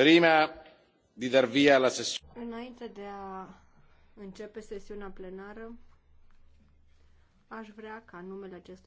prima di dar via alla sessione. Înainte de a începe sesiunea plenară, aș vrea ca numele acestui